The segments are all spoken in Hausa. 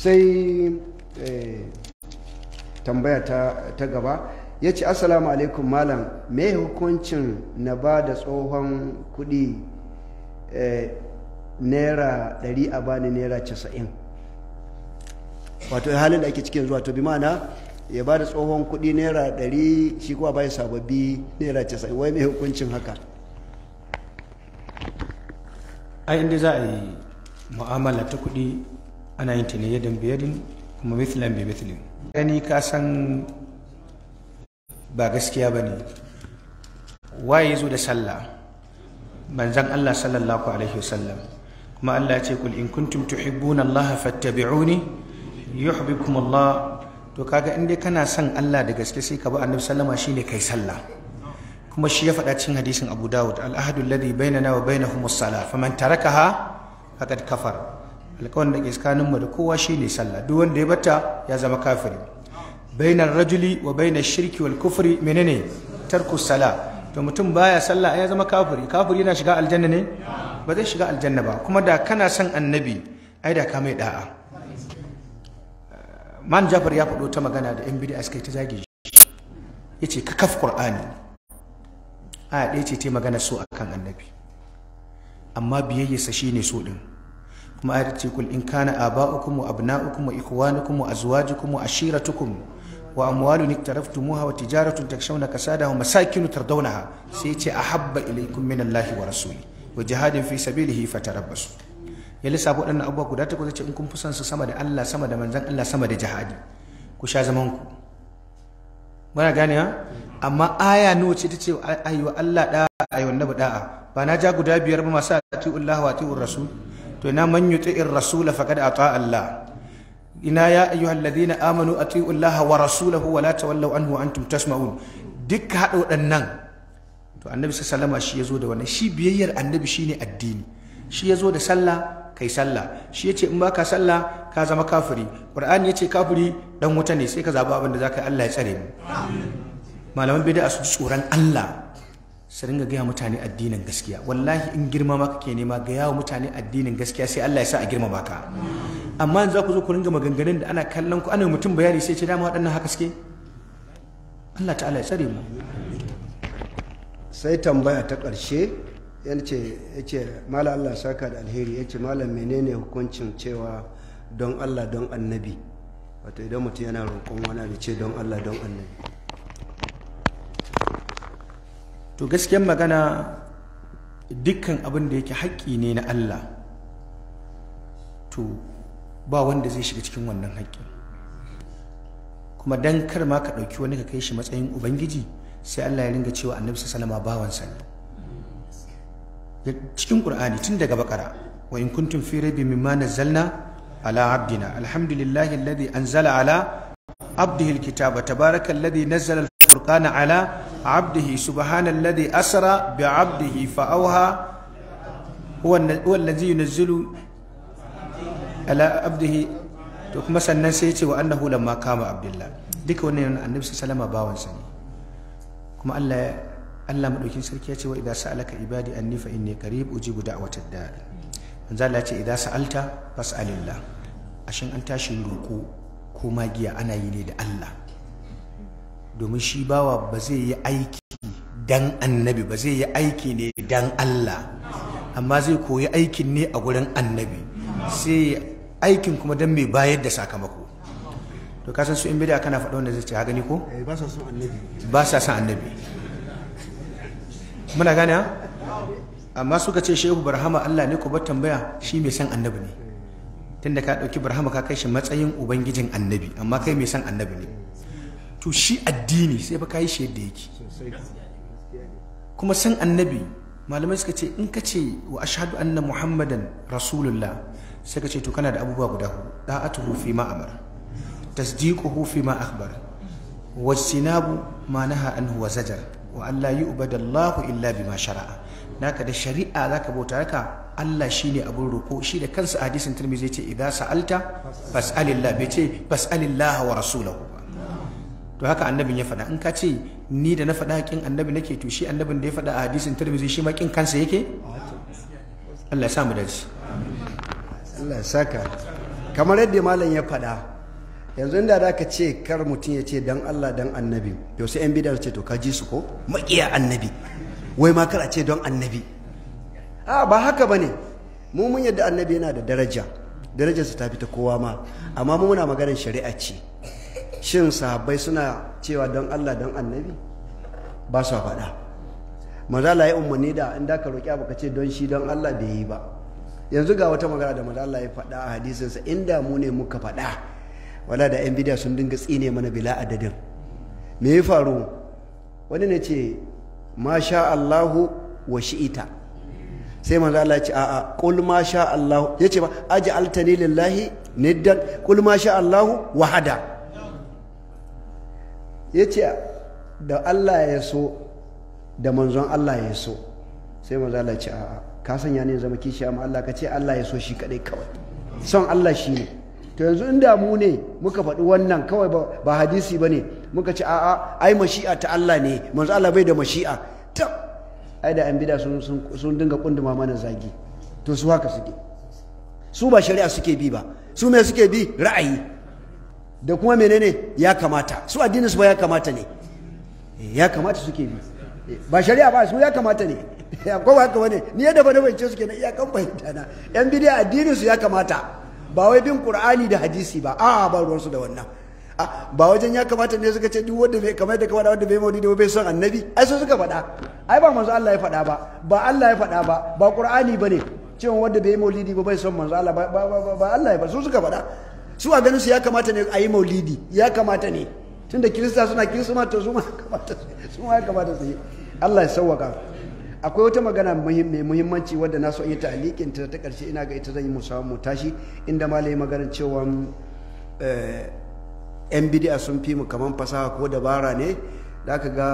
sai eh, tambaya ta gaba ya ce assalamu alaikum malam me hukuncin na ba da tsohon kudi eh, naira 100 a bani naira 90 wato halin da ake cikin zuwa to bi mana ya ba da tsohon kudi naira 100 shi kuwa bai sababbi naira 90 wai me hukuncin haka ai inda za a yi mu'amala ta kudi ana yin ta yadin biyadin kuma mithlan bi mithlin gani ka san ba gaskiya ba ne waye zo da sallah manzan Allah sallallahu alaihi wasallam kuma Allah ya ce kul in kuntum tuhibbuna Allah fattabi'uni yuhibbukum Allah to kaga in dai kana son Allah da gaske sai ka bi annabi sallama shine kai sallah kuma shi ya faɗa cikin hadisin Abu Dawud al-ahadu alladhi bainana wa bainahum as-salah faman tarakaha faqad kafara alƙawarin da ke mu da kowa shine sallah duk wanda ya bata ya zama kafiri bainar rajuli wa bainar shirki wal kufri menene tarku sala to mutum baya sallah ya zama kafiri kafiri yana shiga aljanna ne ba zai shiga aljanna ba kuma da kana son annabi ai da ka mai da'a man jafar ya faɗo ta magana da yan bid'a suka ta zage shi yace ka kafa qur'ani aya ɗaya ce ta magana so akan annabi amma biyayyarsa shine so ɗin. kuma ayar ce kul in kana aba'ukum wa abna'ukum wa ikhwanukum wa azwajukum wa ashiratukum wa amwalun iktaraftumuha wa tijaratun takshawna kasadaha wa masakinu tardawnaha sai ce ahabba ilaykum min Allahi wa rasuli wa jihadin fi sabilihi fatarabbasu ya lissafa dan abubuwa guda takwas ce in kun fusan su sama da Allah sama da manzan Allah sama da jihadi ku sha zaman ku muna gane ha amma aya nawa ce tace ayyuwa Allah da'a ayyuwa nabi da'a ba na ja guda biyar ba masu ati'u Allah wa ati'u rasul to ina man yuti'ir rasul faqad ata Allah ina ya ayyuhal ladina amanu ati'u Allah wa rasulahu wa la tawallaw anhu antum tasma'un duk haɗa waɗannan to annabi sallallahu alaihi shi yazo da wannan shi biyayyar annabi shine addini shi yazo da sallah kai sallah shi yace in baka sallah ka zama kafiri qur'ani yace kafiri dan wuta ne sai ka zaba abin da zaka Allah ya tsare mu malaman bid'a su tsoron Allah su ringa gaya mutane addinin gaskiya wallahi in girma maka ke nema ga mutane addinin gaskiya sai Allah ya sa a girma baka amma yanzu ku zo ku ringa maganganun da ana kallon ku ana mutum bayani sai ce dama waɗannan haka suke Allah ta'ala ya tsare mu sai tambaya ta ƙarshe yace yace malam Allah saka da alheri yace malam menene hukuncin cewa don Allah don annabi wato idan mutum yana roƙon wani ce don Allah don annabi to gaskiyar magana dukkan abin da yake haƙƙi ne na Allah to ba wanda zai shiga cikin wannan haƙƙi. kuma dan kar ma ka ɗauki wani ka kai shi matsayin ubangiji sai Allah ya ringa cewa annabi sallama bawansa ne cikin qur'ani tun daga bakara wa in kuntum fi raibin mimma nazzalna ala abdina alhamdulillahi alladhi anzala ala abdihi alkitaba tabaraka alladhi nazzala alfurqana ala عبده سبحان الذي أسرى بعبده فأوها هو, هو الذي ينزل على عبده تكما سننسيتي وأنه لما قام عبد الله ديك ونين النبي صلى الله عليه وسلم باون سني كما الله Allah madaukin sarki ya ce wa idza sa'alaka ibadi anni fa inni qarib ujibu a watan da. Allah ya ce idza sa'alta fas'alillah ashin an tashi ko magiya ana yi ne da Allah domin shi bawa ba zai yi aiki dan annabi ba zai yi aiki ne dan Allah amma zai koyi aikin ne a gurin annabi sai aikin kuma dan mai bayar da sakamako to kasan su in bida kana faɗa wanda zai ce ha gani ko eh, ba sa son annabi muna gane amma suka ce shehu barhama Allah ne ku bar tambaya shi mai son annabi ne tunda ka ɗauki barhama ka kai shi matsayin ubangijin annabi amma kai mai son annabi ne to shi addini sai fa kayi shi yadda yake kuma san annabi malamai suka ce in ka ce wa ashadu anna muhammadan rasulullah sai ka ce to kana da abubuwa guda hudu da'atuhu fi ma amara tasdiquhu fi ma akhbar sinabu ma naha anhu wa zajar wa alla da allah illa bi bima shara'a naka da shari'a zaka bauta ka Allah shine abun roko shi da kansa hadisin Tirmidhi zai ce idza sa'alta fas'alillah bai ce fas'alillah wa rasulahu to haka annabin ya faɗa in ka ce ni da na faɗa kin annabi nake to shi annabin da ya faɗa a hadisin tirmidhi shi ma kin kansa yake Allah ya sa mu dace Allah ya saka kamar yadda malam ya faɗa yanzu inda da ka ce kar mutum ya ce dan Allah dan annabi to sai yan bidar ce to ka ji su ko makiya annabi wai ma kar a ce don annabi a ba haka bane mu mun yadda annabi yana da daraja darajarsa ta fi ta kowa ma amma mu muna maganar shari'a ce shin sahabbai suna cewa don Allah don annabi ba su faɗa mazala ya umarni da in da ka roƙi abu ka ce don shi don Allah bai yi ba yanzu ga wata magana da mazala ya faɗa a hadisinsa inda mu ne muka faɗa wala da yan bidiya sun dinga tsine mana bila adadin me ya faru wani ne ce masha Allahu wa shi'ita sai manzo Allah ya ce a'a qul ma sha Allahu yace ba aj'altani lillahi niddan qul ma sha Allahu wahada ya ce da Allah ya so da manzon Allah ya so sai manzo Allah ce a'a ka sanya ne zama kishi amma Allah ka ce Allah ya so shi kadai kawai son Allah shi ne to yanzu in damu ne muka faɗi wannan kawai ba hadisi ba ne muka ce a'a ai mashi'a ta Allah ne manzon Allah bai da mashi'a ta ai da an bida sun sun dinga kunduma mana zagi to su haka suke su ba shari'a suke bi ba su me suke bi ra'ayi da kuma menene ya kamata su addinin su ba ya kamata ne eh, ya kamata suke bi eh, ba shari'a ba su ya kamata ne ya kowa haka ne ni yadda ba na bance suke na iyakan fahimta na yan bidiyar addinin su ya kamata ba wai bin qur'ani da hadisi ba a ba ruwan su da wannan ba wajen ya kamata ne suka ce duk wanda bai kamar da kamar wanda bai maulidi bai son annabi ai su suka faɗa ai ba manzo Allah ya faɗa ba ba Allah ya faɗa ba ba qur'ani bane cewa wanda bai maulidi ba bai son manzo Allah ba ba Allah ya faɗa su suka faɗa su a ganin su ya kamata ne a yi maulidi ya kamata ne tunda kirista suna Kirista su ma kamata su ma kamata su yi Allah ya sauwaka akwai wata magana mai muhimmanci wadda na so in yi ta ta ta karshe ina ga ita zan yi musamman mu tashi inda lai maganar cewa eh, yan bidi'a sun fi mu kamar fasaha ko dabara ne da aka ga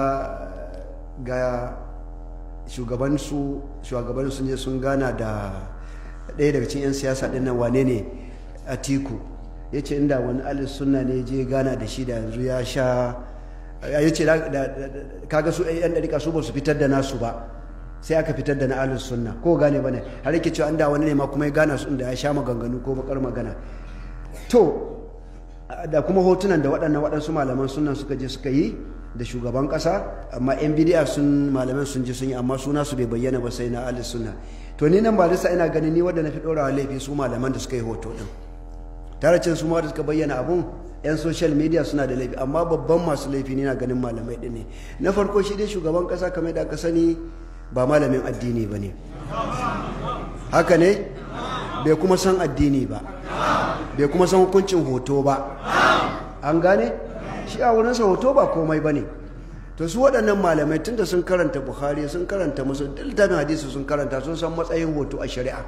ga shugabansu shugaban sun gana da ɗaya daga cikin 'yan siyasa ɗin nan wane ne a tiku. ya ce inda wani alis suna ne je gana da shi da yanzu ya sha ya ce kaga su yan ɗarika su ba su fitar da nasu ba sai aka fitar da na alis suna ko gane ba ne har yake cewa inda wani ne ma kuma ya gana su inda ya sha maganganu ko bakar magana to da kuma hotunan da waɗannan waɗansu malaman sunan suka je suka yi da shugaban ƙasa amma yan bidiya sun malaman sun je sun yi amma suna su bai bayyana ba sai na alis suna to ni nan ba ina ganin ni waɗanda na fi ɗorawa laifi su malaman da suka yi hoto ɗin taracin su ma da suka bayyana abun yan social media suna da laifi amma babban masu laifi ne na ganin malamai ɗin ne na farko shi dai shugaban kasa kamar da aka sani ba malamin addini ba ne haka ne bai kuma san addini ba bai kuma san hukuncin hoto ba an gane shi a wurinsa hoto ba komai ba ne to su waɗannan malamai tunda sun karanta bukhari sun karanta musu littafin hadisi sun karanta sun san matsayin hoto a shari'a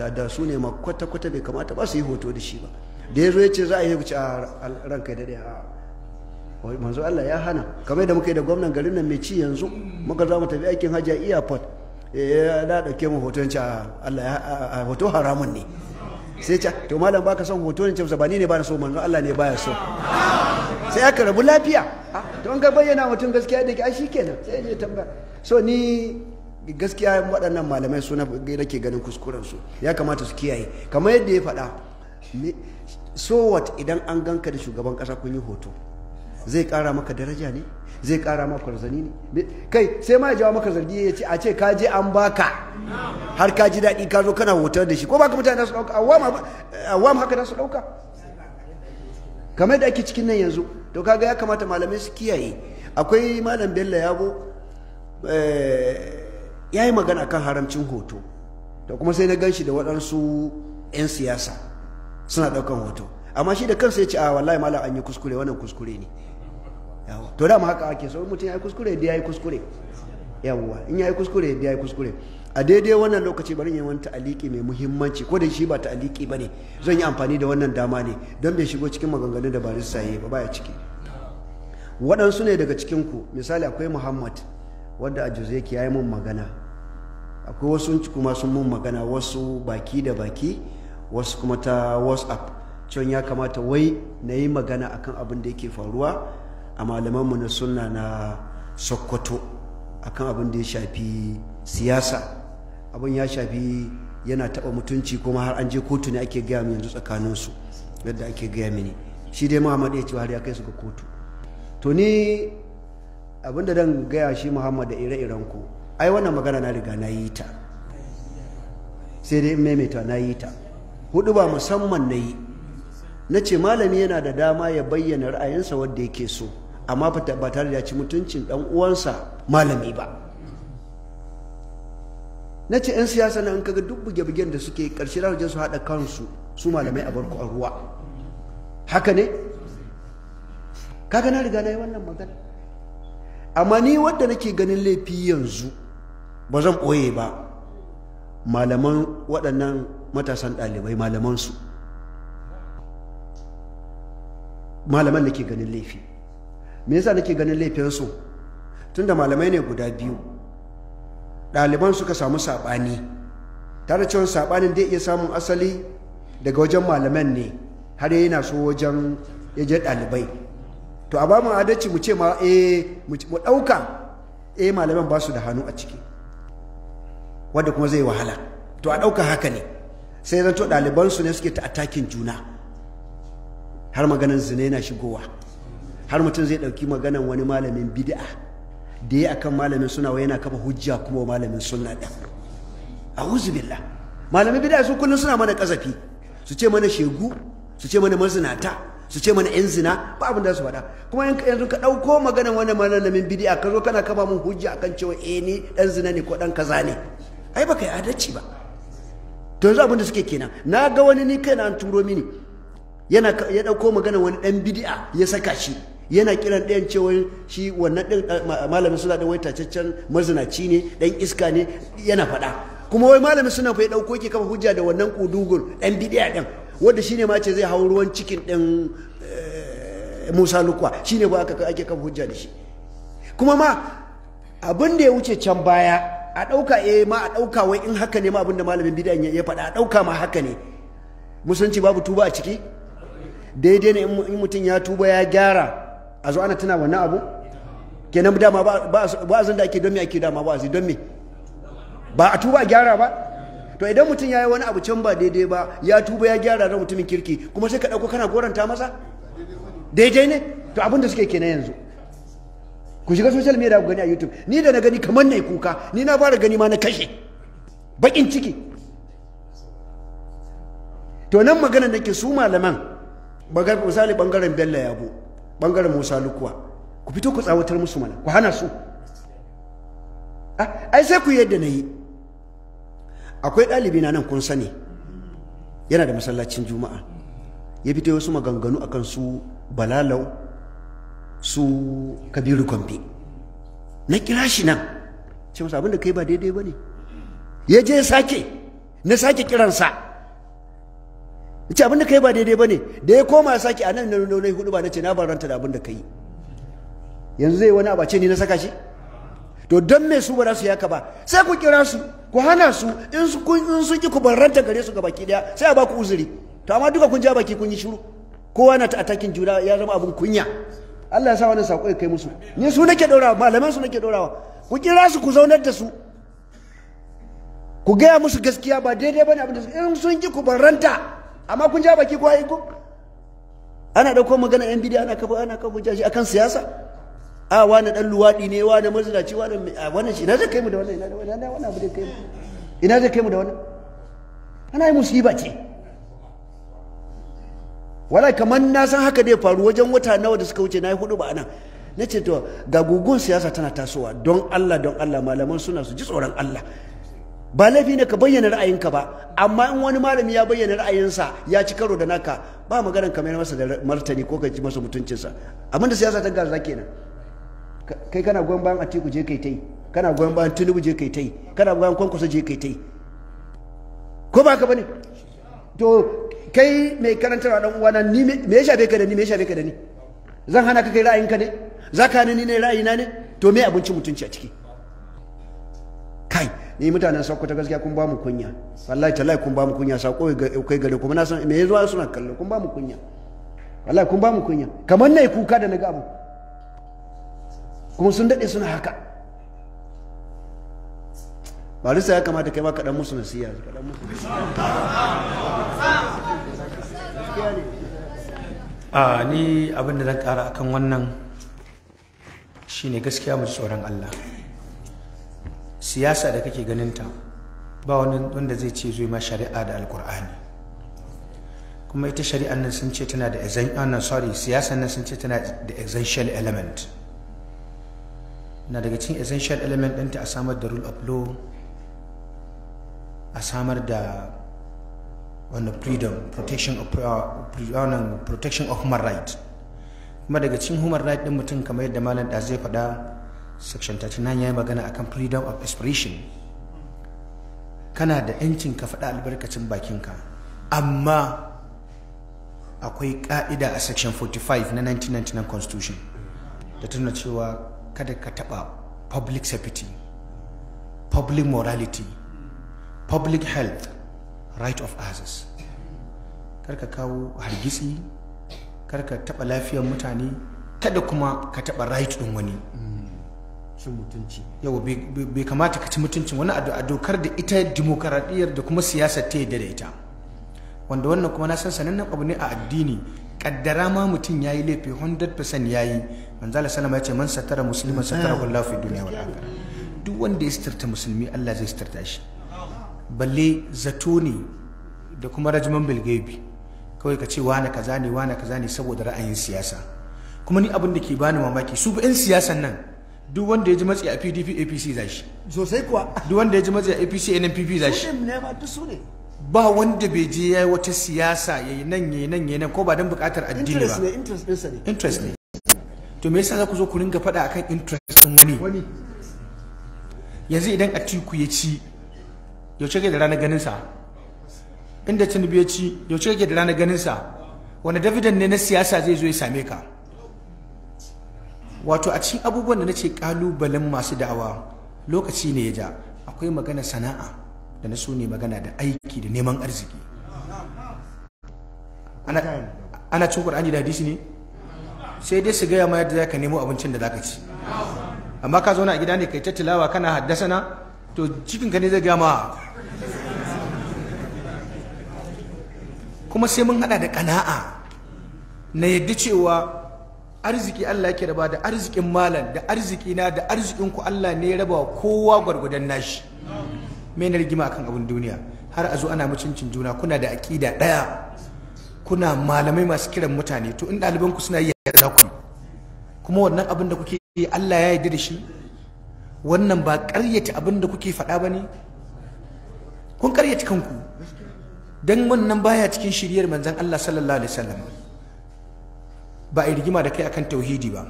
ta da su ne ma kwata-kwata bai kamata ba su yi hoto da shi ba da ya zo ya ce za a yi wuce a ranka daɗe a manzo Allah ya hana kamar da muka yi da gwamnan garin nan mai ci yanzu muka za mu tafi aikin hajji a airport ya eh, da ɗauke mu hoton ci a Allah ya hoto haramun ne sai ce to malam baka son hoto ne ce ba ni ne ba na so manzo Allah ne baya so sai aka rabu lafiya ah, to an ga bayyana mutum gaskiya da ke ai kenan sai ya je tambaya so ni gaskiya waɗannan malamai suna nake ganin kuskurensu ya kamata su kiyaye kamar yadda ya faɗa so what idan an ganka da shugaban ƙasa kun yi hoto zai ƙara maka daraja ne zai ƙara maka kwarzani ne kai sai ma ya jawo maka zargi ya ce a ce ka je an baka har ka ji daɗi ka zo kana hotar da shi ko baka mutane su ɗauka awam haka da su ɗauka kamar da ake cikin nan yanzu to kaga ya kamata malamai su kiyaye akwai malam bello yabo eh, ya yi magana kan haramcin hoto da kuma sai na gan shi da waɗansu 'yan siyasa suna ɗaukan hoto amma shi da kansa ya ce a ah, wallahi malam an yi kuskure wannan kuskure ne to da haka ake so mutum ya yi kuskure da ya yi kuskure yawwa in ya yi kuskure da ya yi kuskure a daidai wannan lokaci bari yi wani ta'aliki mai muhimmanci ko da shi ba ta'aliki ba zan yi amfani da wannan dama ne don bai shigo cikin maganganun da ba ya ba baya ciki waɗansu ne daga cikinku misali akwai muhammad wanda a juzeki ya yi mun magana akwai wasu kuma sun mun magana wasu baki da baki wasu kuma ta whatsapp cewa ya kamata wai na yi magana akan abin da yake faruwa a malamanmu na sunna na sokoto akan abin da ya shafi siyasa abin ya shafi yana taɓa mutunci kuma har an je kotu ne ake gaya mu yanzu tsakaninsu yadda ake gaya mini shi dai muhammad ya ce har ya kai su ga kotu to ni abin da dan gaya shi muhammad da ire-iren ku ai wannan magana na riga na yi ta sai dai in maimaita na yi ta hudu ba musamman na yi na ce malami yana da dama ya bayyana ra'ayinsa wadda yake so amma ba tare da ci mutuncin dan uwansa malami ba na ce 'yan siyasa na in kaga duk buge-bugen da suke karshe za su haɗa kansu su malamai a barku a ruwa haka ne kaga na riga na yi wannan magana amma ni wadda nake ganin laifi yanzu ba zan ɓoye ba malaman waɗannan matasan ɗalibai malamansu malaman ke ganin laifi me yasa nake ganin laifinsu tunda malamai ne guda biyu ɗaliban suka samu saɓani tare cewa saɓanin dai iya samun asali daga wajen malaman ne har yana so wajen yaje ɗalibai to a ba mu adalci mu ce ma eh mu ɗauka eh malaman ba su da hannu a ciki wadda kuma zai wahala to a ɗauka haka ne sai to ɗalibansu ne suke ta atakin juna har maganan zina yana shigowa har mutum zai ɗauki maganan wani malamin bid'a da ya akan malamin suna yana kafa hujja kuma wa malamin sunna ɗin a'udhu billah malamin bid'a su kullum suna mana kazafi su ce mana shegu su ce mana mazinata su ce mana yan zina ba abin da su faɗa kuma yanzu ka ɗauko maganan wani malamin bidi'a ka zo kana kafa mun hujja akan cewa eh ni ɗan zina ne ko ɗan kaza ne ai baka yi adalci ba to yanzu abinda da suke kenan na ga wani ni kaina an turo mini yana ya dauko magana wani dan bid'a ya saka shi yana kiran ɗayan cewa shi wannan ɗin malamin suna da wai tacaccen mazinaci ne ɗan iska ne yana faɗa kuma wai malamin suna fa ya ɗauko ki kafa hujja da wannan kudugun ɗan bid'a ɗin wanda shine ma ce zai hau ruwan cikin ɗin eh, Musa Lukwa shine ba aka ake kafa hujja da shi kuma ma abin da ya wuce can baya a ɗauka eh ma a ɗauka wai in haka ne ma abinda malamin bidan ya faɗa a ɗauka ma haka ne musulunci babu tuba a ciki daidai ne in mutum ya tuba ya gyara a zo ana tuna wannan abu kenan dama a da ake don me ake dama ba'azi don me ba a tuba a gyara ba to idan mutum ya yi wani abu can ba daidai ba ya tuba ya gyara don mutumin kirki kuma sai ka ɗauko kana goranta masa daidai ne to abin da suke kenan yanzu ku shiga social media ku gani a youtube ni da na gani kamar na kuka ni na fara gani ma na kashe bakin ciki to nan magana da ke su malaman misali bangaren bello yabo bangaren musa lukuwa ku fito ku tsawatar musu mana ku hana su ah, ai sai ku yadda na yi akwai ɗalibi na nan kun sani yana da masallacin juma'a ya fito wasu maganganu akan su balalau su kabiru kwamfi na kira shi nan ce masa abinda kai ba daidai ba ne ya je sake na sake kiransa ce abinda kai ba daidai ba ne da ya koma sake a nan na nunai hudu ba na ce na baranta da abinda ka yi yanzu zai wani abace ne na saka shi to don me su ba za su yaka ba sai ku kira su ku hana su in su kun su ki ku baranta gare su ga baki daya sai a ba ku uzuri to amma duka kun ja baki kun yi shiru kowa na ta attacking juna ya zama abin kunya Allah ya sa wannan sako ya kai musu ni su nake ɗorawa malaman su nake ɗorawa ku kira su ku zaunar da su ku gaya musu gaskiya ba daidai bane abin da in sun ki ku barranta amma kun ja baki kuwa iko ana dauko magana yan bidiyo ana kafa ana kafa jaji akan siyasa a wani dan luwadi ne wani mazinaci wani wannan shi na zai kai mu da wannan ina da wannan abu da kai mu ina zai kai mu da wannan ana yi musiba ce wala kamar na san haka dai faru wajen wata nawa da suka wuce na yi hudu ba nan na ce to ga gugun siyasa tana tasowa don Allah don Allah malaman suna su ji tsoron Allah ba laifi ne ka bayyana ra'ayinka ba amma in wani malami ya bayyana ra'ayinsa ya ci karo da naka ba maganar kamar masa da martani ko ka ji masa mutuncinsa da siyasa ta gaza kenan kai kana goyon bayan Atiku je kai tai kana goyon bayan Tinubu je kai tai kana goyon Kwankwaso je kai tai ko ba ka bane to kai mai karantar dan uwana ni me ya shafe ka da ni me ya shafe ka da ni zan hana ka kai ka ne za ka ni ne ra'ayi na ne to me abincin mutunci a ciki kai ni mutanen ta gaskiya kun ba mu kunya wallahi tallahi kun ba mu kunya sako kai gare kuma na san me ya zuwa suna kallo kun ba mu kunya wallahi kun ba mu kunya kamar nayi kuka da naga abu kuma sun dade suna haka barisa ya kamata kai ma ka dan musu nasiya ka dan musu a ni abin da zan kara akan wannan shine gaskiya mu tsoron Allah siyasa da kake ganin ta ba wani wanda zai ce zai ma shari'a da alkur'ani kuma ita shari'a nan sun ce tana da nan ah, sorry siyasa nan sun ce tana da essential element na daga cikin essential element ɗinta a samar da rule of law a samar da on the freedom protection of uh, protection of human right kuma daga cikin human right din mutum kamar yadda malam da zai faɗa section 39 ya yi magana akan freedom of expression kana da yancin ka faɗa albarkacin bakinka amma akwai ka'ida a section 45 na 1999 constitution da tuna cewa kada ka taɓa public safety public morality public health right of access karka kawo hargitsi karka taba lafiyar mutane kada kuma ka taba right din wani cin mutunci yau bai kamata ka ci mutuncin wani a dokar da ita demokaradiyyar da kuma siyasar ta yadda da ita wanda wannan kuma na san sanannen abu ne a addini kaddara ma mutum ya yi laifi 100% ya yi manzala salama ya ce man satara musulman satara wallahu duniya wal akhirah duk wanda ya sitarta musulmi Allah zai sitarta shi balle zato ne da kuma rajiman bilgebi kawai ka ce wane kaza ne wane kaza ne saboda ra'ayin siyasa kuma ni abin da ke bani mamaki su ba 'yan siyasan nan duk wanda ya ji matsi a pdp apc za shi sosai kuwa duk wanda ya ji matsi a apc nnpp za shi ba wanda bai je ya yi wata siyasa ya yi nan ya yi nan ya yi nan ko ba don bukatar addini ba interest ne to me yasa za ku zo ku ringa faɗa akan interest wani yanzu idan atiku ya ci yaushe kake da ranar ganin sa inda tinubu ya ci yaushe kake da ranar ganin sa wani davidan ne na siyasa zai zo ya same ka wato a cikin abubuwan da na ce kalubalen masu da'awa lokaci ne ya ja akwai magana sana'a da na so ne magana da aiki da neman arziki ana cin qur'ani da hadisi ne sai dai su gaya ma yadda ka nemo abincin da zaka ci amma ka zauna a gida ne kai ta tilawa kana haddasa na, to cikinka ne zai gama. kuma sai mun hada da kana'a na yadda cewa arziki Allah yake raba da arzikin malam da arziki na da arzikin ku Allah ne ya raba kowa gwargwadon nashi me na rigima kan abin duniya har a zo ana mutuncin juna kuna da aƙida ɗaya kuna malamai masu kiran mutane to in ɗaliban ku suna yi za ku kuma wannan abin da kuke yi Allah ya yarda da shi wannan ba ƙaryata abin da kuke faɗa ba ne kun karyata kanku dan wannan baya cikin shiriyar manzan Allah sallallahu alaihi wasallam ba a rigima da kai akan tauhidi ba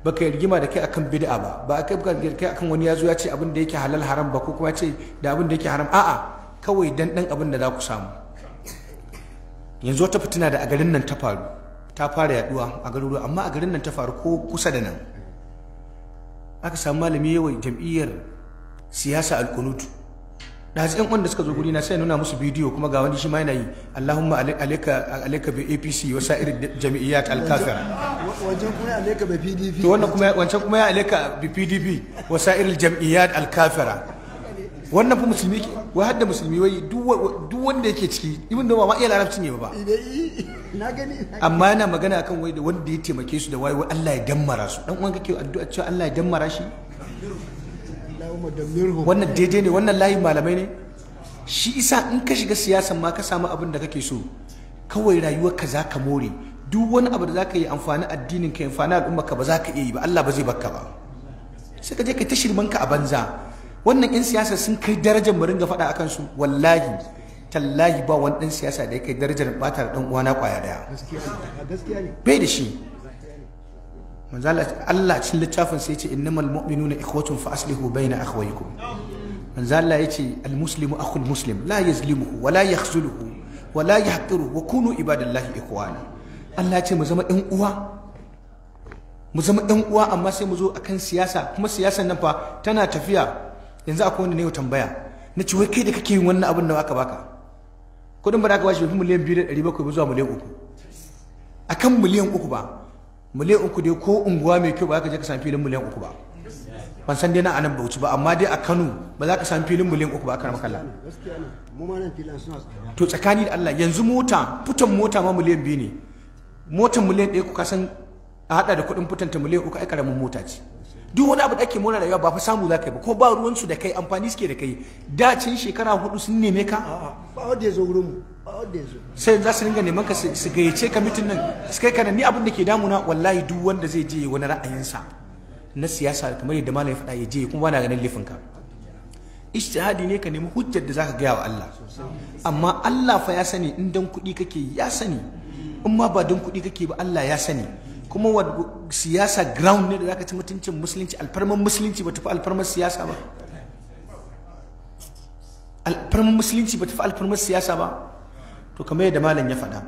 ba ka rigima da kai akan bid'a ba ba ka rigima kai akan wani yazo ya ce abin da yake halal haram ba ko kuma ce da abin da yake haram a'a kawai dan dan abin da za ku samu yanzu wata fitina da a garin nan ta faru ta fara yaduwa a ruwa amma a garin nan ta faru ko kusa da nan aka samu malami yawan jam'iyyar siyasa alkunutu ɗazu yan wanda suka zo guri na sai nuna musu bidiyo kuma ga wani shi ma yana yi Allahumma alaika alaika bi APC wa sa'ir jami'iyat al-kafira wancan kuma alaika bi PDP to wannan kuma wancan kuma ya alaika bi PDP wa sa'ir jami'iyat al-kafira wannan fa musulmi ke wai hadda musulmi wai duk wanda yake ciki ibn da ma iya larabci ne ba na gani amma yana magana akan wai da wanda ya taimake su da wai Allah ya dammara su dan uwan kake addu'a cewa Allah ya dammara shi wannan daidai layin malamai ne shi isa in ka shiga siyasan ma ka samu abin da kake so kawai rayuwar ka za ka more duk wani abu da za ka yi amfani addinin ka amfani al'umma ka ba za ka iya yi ba Allah ba zai baka ba sai ka je ka ta shirman a banza wannan yan siyasa sun kai darajar mu ringa faɗa akan su wallahi tallahi ba wani ɗan siyasa da ya kai darajar ɓata da ɗan uwana kwaya daya bai da shi manzala Allah cikin littafin sai ce innamal mu'minuna ikhwatun fa aslihu bayna akhwaykum manzala yace al muslimu akhul muslim la yazlimuhu wa la yakhzuluhu wa la yahqiruhu wa kunu ibadallahi ikhwana Allah ce mu zama ɗan uwa mu zama ɗan uwa amma sai mu zo akan siyasa kuma siyasan nan fa tana tafiya yanzu akwai wanda ne ya tambaya na ce wai kai da kake yin wannan abin da aka baka kudin ba da aka bashi miliyan biyu da ɗari bakwai ba zuwa miliyan uku akan miliyan uku ba miliyan uku dai ko unguwa mai kyau ba ka je ka sami filin miliyan uku ba ban san dai na anan bauchi ba amma dai a Kano ba za ka sami filin miliyan uku ba a karamar kallon to tsakani da Allah yanzu mota fitan mota ma miliyan biyu ne motan miliyan ɗaya ka san a haɗa da kuɗin ta miliyan uku ai karamin mota ce duk wani abu da ake mona rayuwa ba fa samu za ka yi ba ko ba ruwansu da kai amfani suke da kai dacin shekara hudu sun neme ka ba wanda ya zo wurin mu sai za su ringa neman ka su gayyace ka mitin nan su kai kana ni abin da ke damuna wallahi duk wanda zai je wani ra'ayinsa na siyasa kamar yadda malam ya faɗa ya je kuma bana ganin laifin ka ijtihadi ne ka nemi hujjar da zaka gaya wa Allah amma Allah fa ya sani in dan kuɗi kake ya sani in ma ba dan kuɗi kake ba Allah ya sani kuma siyasa ground ne da zaka ci mutuncin musulunci alfarman musulunci ba tafi alfarman siyasa ba alfarman musulunci ba tafi alfarman siyasa ba to kamar yadda malam ya faɗa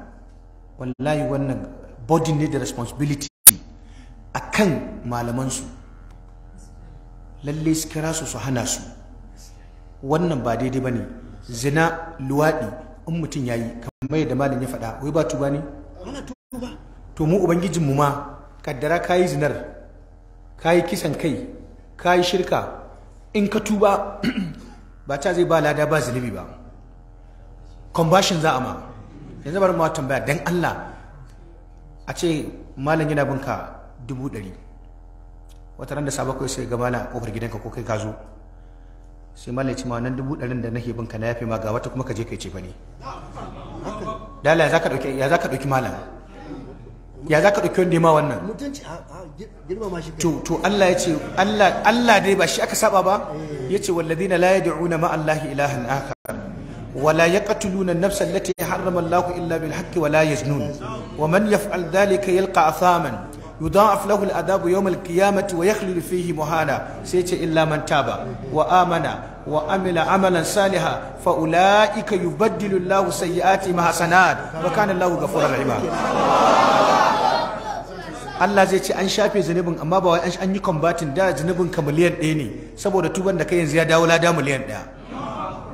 wallahi wannan body ne da responsibility a kan malamansu lalle su kira su su hana su wannan ba daidai ba ne zina luwaɗi in mutum ya yi kamar yadda malam ya faɗa wai ba tuba ne to mu ubangijinmu ma kaddara ka yi zinar ka yi kisan kai ka yi shirka in ka tuba ba ta zai ba lada ba zunubi ba conversion za a ma yanzu bari ma tambaya dan Allah a ce malam yana bin ka dubu ɗari wata ran da sabo kai sai ga na kofar gidanka ko kai ka zo sai malam ya ce ma nan dubu ɗarin da nake bin ka na yafe ma ga wata kuma ka je kai ce bane dala ya zaka dauki ya zaka malam ya zaka dauki wanda ya ma wannan mutunci girmama shi to to Allah ya ce Allah Allah dai ba shi aka saba ba eh. yace walladina la yad'una ma Allah ilahan akhar ولا يقتلون النفس التي حرم الله إلا بالحق ولا يزنون ومن يفعل ذلك يلقى أثاما يضاعف له العذاب يوم القيامة ويخلد فيه مهانا سيت إلا من تاب وآمن وعمل عملا صالحا فأولئك يبدل الله سيئاتهم حسنات وكان الله غفورا رحيما Allah zai ce an shafe zunubin amma ba wai an yi combatin da zunubin ka miliyan ɗaya ne saboda tuban da kai yanzu ya dawo lada miliyan ɗaya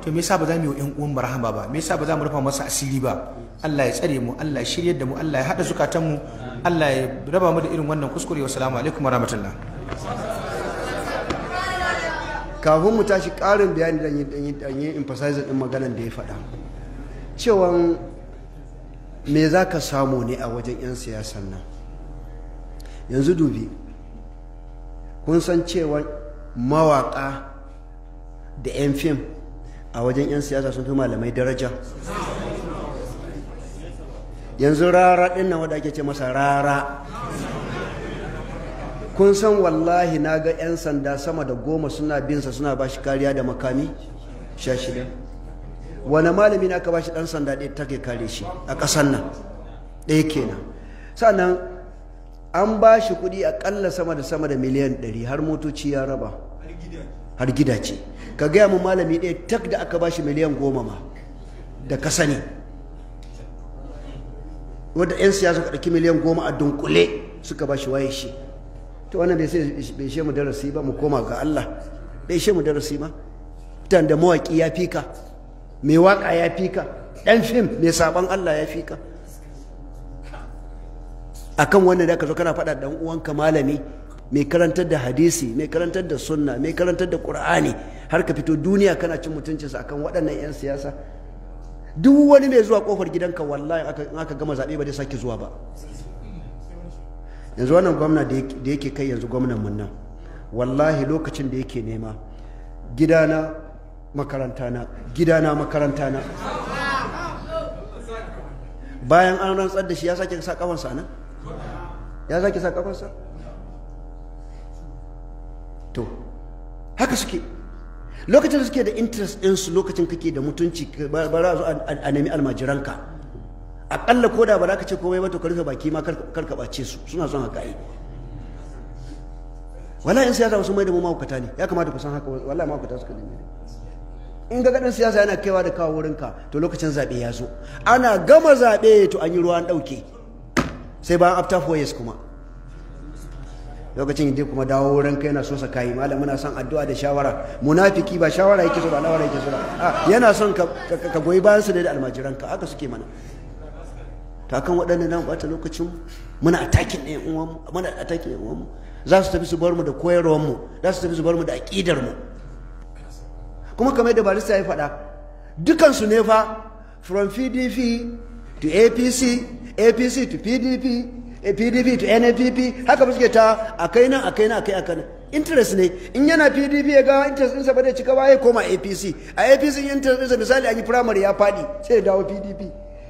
to me yasa ba za mu yi yan uwan marhaba ba me yasa ba za mu rufa masa asiri ba Allah ya tsare mu Allah ya shiryar da mu Allah ya hada zukatan mu Allah ya raba mu da irin wannan kuskure wa salamu alaikum wa rahmatullah kafin mu tashi karin bayani dan yin dan yin emphasize din maganar da ya faɗa cewa me za ka samu ne a wajen 'yan siyasan nan yanzu dubi kun san cewa mawaƙa da 'yan fim a wajen 'yan siyasa sun fi malamai daraja yanzu rara ɗin nan wadda ake ce masa rara kun san wallahi na ga 'yan sanda sama da goma suna binsa suna ba shi kariya da makami sha shida wane malami na ka ba shi ɗan sanda ɗaya take kare shi a ƙasan nan ɗaya kenan sannan an ba shi kuɗi aƙalla sama da sama da miliyan ɗari har motoci ya raba har gidaje ka gaya mu malami ɗaya tak da aka bashi miliyan goma ma da ka sani wadda 'yan siyasa ka ɗauki miliyan goma a dunkule suka bashi waye shi to wannan bai bai mu darasi ba mu koma ga Allah bai she mu darasi ba tan da mawaki ya fika mai waka ya fika dan fim mai saban Allah ya fika akan wannan da ka zo kana faɗa dan uwanka malami mai karantar da hadisi mai karantar da sunna mai karantar da ƙur'ani, har ka fito duniya kana cin mutuncinsa akan waɗannan 'yan siyasa duk wani mai zuwa ƙofar gidanka wallahi in aka gama zaɓe ba zai sake zuwa ba yanzu wannan gwamna da yake kai yanzu gwamnan mun nan wallahi lokacin da yake nema gidana makarantana gidana makarantana bayan an rantsar da shi ya sake sa kafansa nan ya sake sa kafansa to haka suke lokacin da suke da interest ɗinsu lokacin kake da mutunci ba za a nemi almajiranka aƙalla ko da ba za ka ce komai ba to karfe baki ma karka ɓace su suna son haka yi wala in siyasa wasu mai da mu mahaukata ne ya kamata ku san haka wala mahaukata suka nemi in ga gadin siyasa yana kaiwa da kawo wurinka to lokacin zaɓe ya zo ana gama zaɓe to an yi ruwan ɗauke sai bayan after four years kuma lokacin da kuma dawo wurin kai yana so sa kai malam muna son addu'a da shawara munafiki ba shawara yake so ba alawara yake so ba ah, yana son ka goyi bayan su da ka haka suke mana ta kan waɗannan nan ɓata lokacin muna atakin ɗayan mu muna atakin ɗayan uwanmu za su tafi su bar mu da koyarwar mu za su tafi su bar mu da aƙidar mu kuma kamar yadda barista ya faɗa dukan su ne fa from PDP to APC APC to PDP pdp to npp haka ba suke ta akai nan akai nan akai kai nan interest ne in yana pdp ya ga interest ɗinsa ba zai cika ba ya koma apc a apc interest ɗinsa misali an yi primary ya faɗi sai ya dawo pdp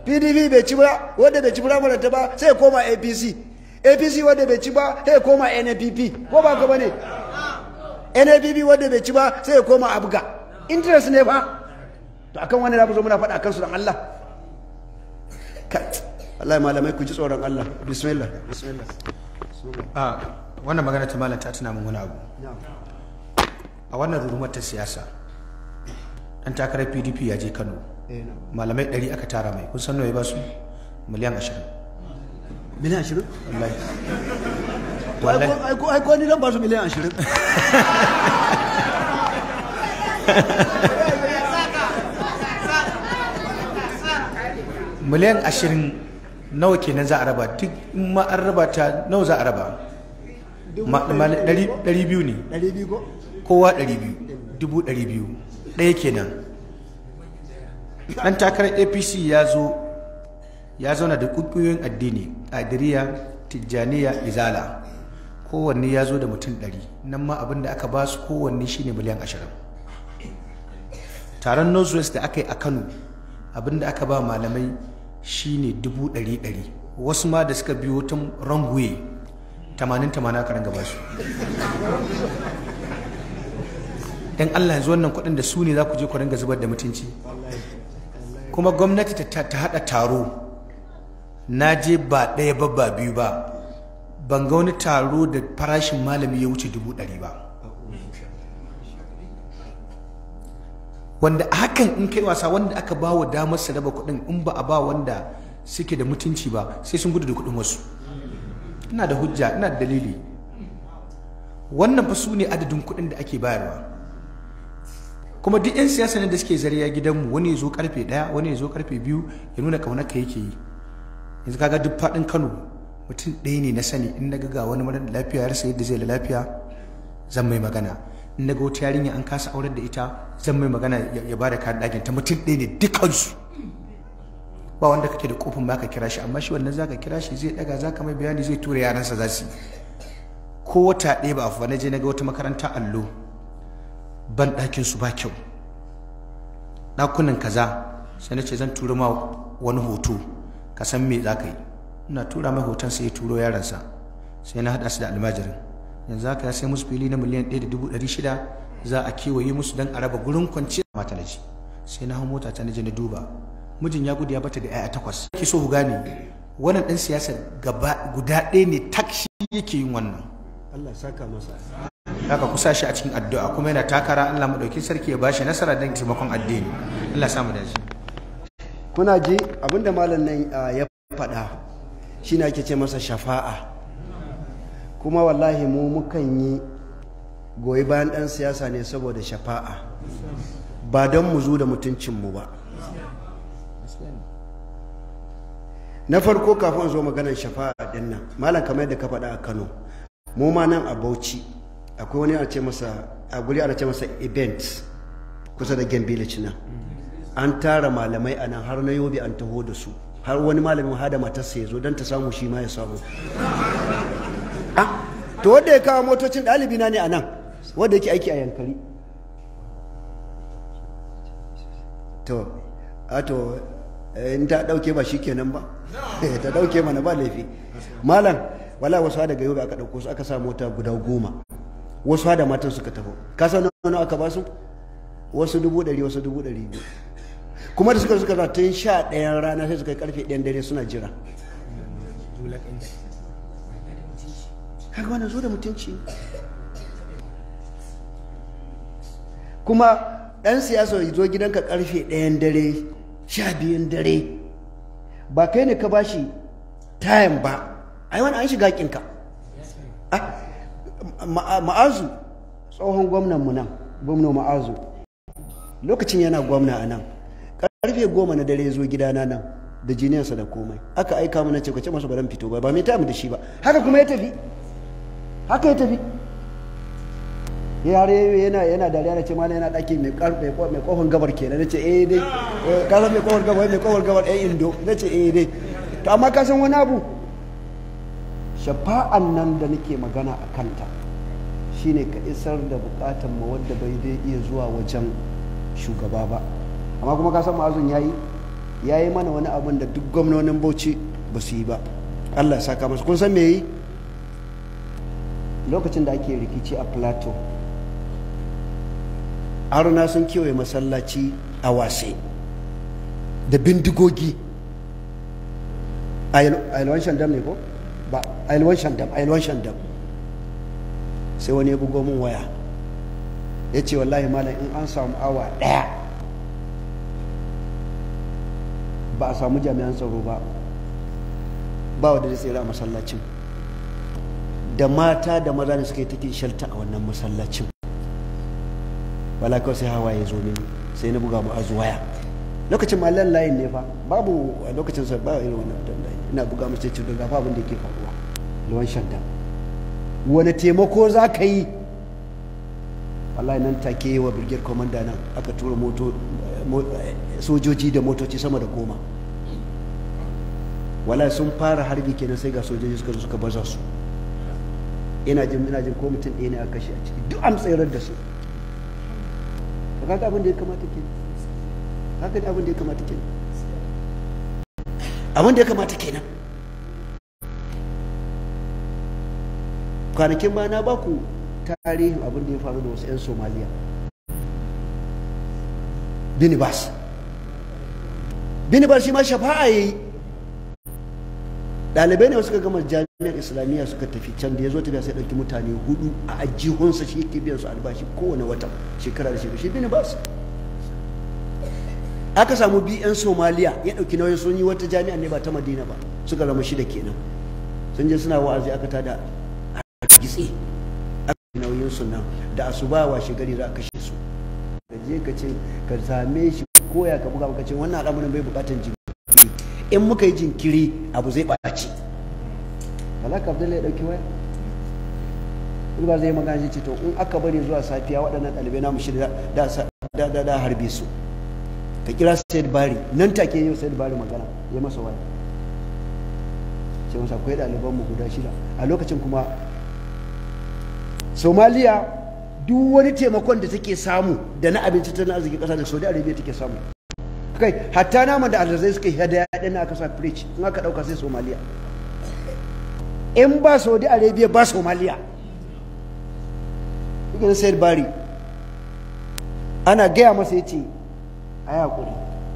pdp bai ci ba wanda bai ci primary ta ba sai ya koma apc apc wanda bai ci ba sai ya koma npp ko ba ka bane npp wanda bai ci ba sai ya koma abga interest ne ba to akan wani na zo muna faɗa su dan allah Allah ya malamai ku ji tsoron Allah bismillah bismillah Ah, wannan magana ta malam ta tuna min wani abu a wannan rurumar ta siyasa dan takarar PDP ya je Kano eh, malamai ɗari aka tara mai kun san nawa ya ba su miliyan ashirin miliyan ashirin wallahi wallahi ai ko ni dan ba su miliyan ashirin miliyan ashirin nawa kenan za a raba duk ma an raba ta nawa za a raba ɗari biyu ne kowa ɗari biyu dubu ɗari biyu ɗaya kenan ɗan takarar apc ya zo ya zauna da ƙungiyoyin addini adiriya tijjaniya izala kowanne ya zo da mutum ɗari nan ma abin da aka ba su kowanne shine miliyan ashirin taron northwest da aka yi a kano abin da aka ba malamai shi ne dubu ɗari ɗari wasu ma da suka biyo ta rangwe tamanin tamanin aka ranga don Allah yanzu wannan kudin da su ne za ku je kwarin ga zubar da mutunci kuma gwamnati ta haɗa taro na je ba ɗaya babba ba biyu ba ban ga wani taro da farashin malami ya wuce dubu ɗari ba wanda a hakan in kai wasa wanda aka ba wa damar su raba kuɗin in ba a ba wanda suke da mutunci ba sai sun gudu da kuɗin wasu ina da hujja ina da dalili wannan fa su ne adadin kuɗin da ake bayarwa kuma duk 'yan siyasa ne da suke zariya gidanmu wani ya zo karfe ɗaya wani ya zo karfe biyu ya nuna ƙaunar ka yake yi yanzu kaga duk faɗin kano mutum ɗaya ne na sani in na ga wani mara lafiya ya yadda zai da lafiya zan mai magana na ga wata yarinya an kasa aurar da ita zan mai magana ya ba da kayan ɗakin ta mutum ɗaya ne dukansu ba wanda kake da kofin ba ka kira shi amma shi wannan za ka kira shi zai ɗaga za ka mai bayani zai tura yaransa za su yi ko wata ɗaya ba afuwa na je na ga wata makaranta allo ban ɗakin su ba kyau ɗakunan kaza sai na ce zan tura ma wani hoto ka san me za ka yi ina tura mai hoton sai ya turo yaransa sai na haɗa su da almajirin yanzu haka ya sai musu fili na miliyan ɗaya da dubu ɗari shida za a kewaye musu don a raba gurin kwanciyar. mata na sai na hau mota ta na na duba mijin ya gudu ya bata da 'ya'ya takwas ke so ku gane wannan ɗan siyasa gaba guda ɗaya ne takshi yake yin wannan Allah ya saka masa haka kusa shi a cikin addu'a kuma yana takara Allah madaukin sarki ya bashi nasara don taimakon addini Allah samu dace kuna ji abinda malam nan ah, ya faɗa shine ake ce masa shafa'a kuma wallahi mu mukan yi goyi bayan ɗan siyasa ne saboda shafa'a ba don mu zu da mutuncinmu ba na farko kafin zo maganar shafa'a din nan malam kamar yadda ka faɗa a kano mu ma nan a bauchi akwai wani ce masa a guri ana ce masa event kusa da game village nan an tara malamai a nan har na yobe an taho da su har wani malamin hada matarsa ya zo don ta samu shi ma ya samu to wanda ya kawo motocin ɗalibi na ne a nan wanda yake aiki a yankari to a to eh, in ta ɗauke ba shi kenan ba ta ɗauke mana ba laifi malam wala wasu daga yau aka ɗauko su aka sa mota guda goma wasu da matan suka taho ka san nawa aka ba su wasu dubu ɗari wasu dubu ɗari biyu kuma da suka suka tun sha ɗayan rana sai suka yi karfe ɗayan dare suna jira kaga wannan zo da mutunci kuma ɗan siyasa ya zo gidanka karfe ɗayan dare sha biyun dare ba kai ne ka bashi tayan ba ai wani an shiga kinka ah, ma'azu tsohon gwamnan mu nan gwamnan ma'azu lokacin yana gwamna a nan karfe goma na dare zo gidana nan da jiniyarsa da komai aka aika mana ce kwace masu baran fito ba ba mai tamu da shi ba haka kuma ya tafi haka ya tafi yare yana yana dariya na ce mana yana daki mai mai kofar gabar kenan nace eh dai eh, ka san mai kofar gabar mai kofar gabar eh indo nace eh dai to amma ka wani abu shafa'an nan da nake magana a kanta shine ka isar da bukatan ma wanda bai dai iya zuwa wajen shugaba ba amma kuma ka san ma'azun yayi yayi mana wani abin da duk gwamnonin Bauchi ba su yi ba Allah ya saka masa kun san me yi lokacin da ake rikici a plateau haruna sun kewaye masallaci a wase da bindigogi a yalwan shandam ne ko ba a yalwan shandam a yalwan shandam sai wani ya bugo min waya ya ce wallahi malam in an samu awa daya ba a samu jami'an tsaro ba ba wadda da tsira a masallacin da mata da maza ne suka yi take shalta a wannan masallacin wala kawai sai hawaye zo min sai na buga mu'azu waya lokacin mallan layin ne fa babu a lokacin sa ba irin wannan dan layin ina buga mace ce daga fa abin da yake faruwa lawan shanta wani taimako za ka yi wallahi nan take wa birgir commander nan aka tura moto eh, sojoji da motoci sama da goma wala sun fara harbi kenan sai ga sojoji suka zo suka baza su ina jin muna jin ko mutum ɗaya ne a kashe a ciki duk an tsayar da su to kaga abin da ya kamata ke haka abin da ya kamata ke abin da ya kamata kenan kwanakin ba na baku tarihin abin da ya faru da wasu 'yan somaliya binibas binibas shi ma shafa'a ya yi ɗalibai ne suka gama jami'ar islamiyya suka tafi can da ya zo tafiya sai ɗauki mutane hudu a ajihunsa shi ke biyan su albashi kowane wata shekara da shekara shi bin ba su aka samu biyan somaliya ya ɗauki nauyin sun yi wata jami'a ne ba ta madina ba suka zama da kenan sun je suna wa'azi aka tada a gitse aka nauyin sunan da asuba wa gari za a kashe su ka je ka ce ka same shi koya ka buga ka ce wannan al'amuran bai bukatan jini in muka yi jinkiri abu zai ɓaci malaka abdullahi ya ɗauki waya ba zai magana shi ce to in aka bari zuwa safiya waɗannan ɗalibai namu shida da da harbe su ka kira said bari nan take yau said bari magana ya masa waya ce masa akwai ɗaliban mu guda shida a lokacin kuma somaliya duk wani taimakon da take samu da na abinci ta arziki arzikin ƙasa da saudi arabia take samu kai hatta naman da alzazai suka yi hadaya ɗin aka sa preach in aka ɗauka sai somaliya in ba saudi arabia ba somaliya kuka sayar bari ana gaya masa ya ce a yi haƙuri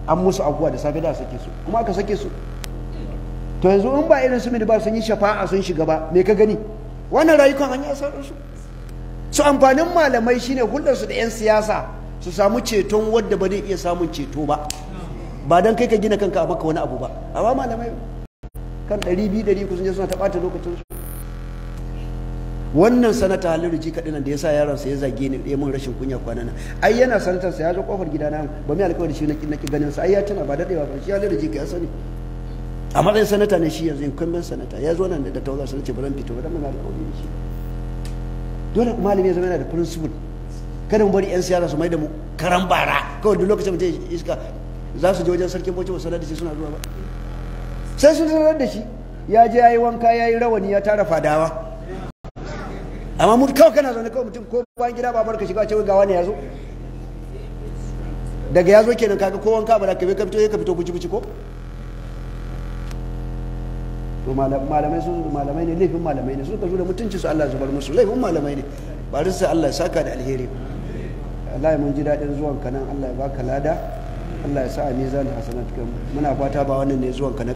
an musu abuwa da safe da sake su kuma aka sake su to yanzu in ba irin su ba sun yi shafa'a sun shiga ba me ka gani wannan rayukan an yi asarar su su amfanin malamai shine hulɗarsu da 'yan siyasa su samu ceton wadda ba zai iya samun ceto ba ba don kai ka gina kanka a maka wani abu ba A ba malamai kan 200 100 sun je suna ta ɓata lokacin su wannan sanata halin ruji kaɗin da ya sa yaron sa ya zage ni ya mun rashin kunya kwana na ai yana sanatar sa ya zo kofar gidana ba mai alƙawari shi na ki ganin sa ai ya tana ba daɗe ba shi halin ruji ka ya sani a matsayin sanata ne shi yanzu incumbent sanata ya zo nan da tawagar sanata ba zan fito ba dan mun alƙawari da shi dole malami ya zama yana da principle kada mu bari yan siyasa su mai da mu karambara. kawai duk lokacin mutum iska za su je wajen sarkin bauchi ba sanar da shi suna zuwa ba sai sun sanar da shi ya je ya yi wanka ya yi rawani ya tara fadawa amma mun kawai kana zaune kawai mutum ko bayan gida ba barka shiga cewa gawa ne ya zo daga ya zo kenan kaga ko wanka ba da ka ka fito ka fito buci buci ko to malamai su malamai ne laifin malamai ne Su ka da mutunci su Allah zubar musu laifin malamai ne bari su Allah saka da alheri Allah ya mun ji daɗin zuwan kanan Allah ya baka lada Allah ya sa a mizan hasanat muna fata ba wannan ne zuwanka na